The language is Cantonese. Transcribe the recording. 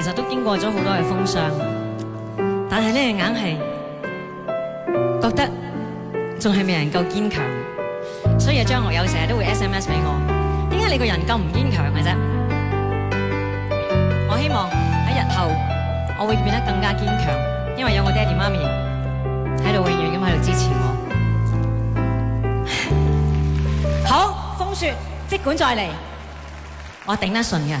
其實都經過咗好多嘅風霜，但係咧硬係覺得仲係未能夠堅強，所以阿張學友成日都會 SMS 俾我，點解你個人咁唔堅強嘅啫？我希望喺日後我會變得更加堅強，因為有我爹哋媽咪喺度，永遠咁喺度支持我。好，風雪即管再嚟，我頂得順嘅。